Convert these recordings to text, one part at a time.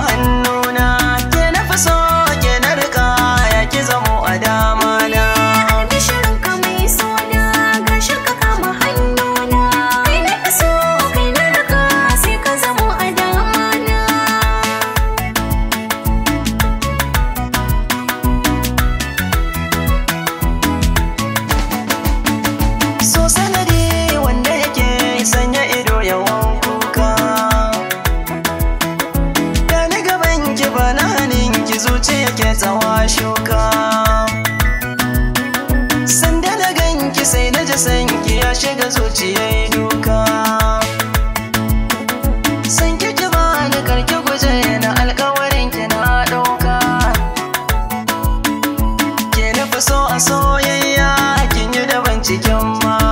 man sake tsawa shuka sanda na ganki sai na ji sanki ya shiga zuciyar duka san kiki ba ni karki guje na alkawarin ki na ɗauka ke nufi so a soyayya kin yi daban cikin ma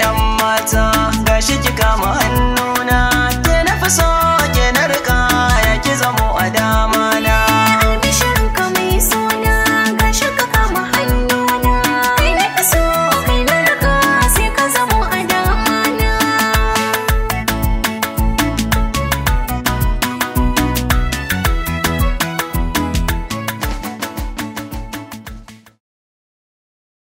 am my time.